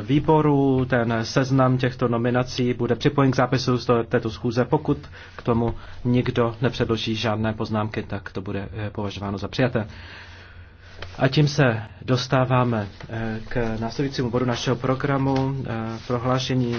výboru Ten seznam těchto nominací bude připojen k zápisu z této schůze. Pokud k tomu nikdo nepředloží žádné poznámky, tak to bude eh, považováno za přijaté. A tím se dostáváme eh, k následujícímu bodu našeho programu eh, prohlášení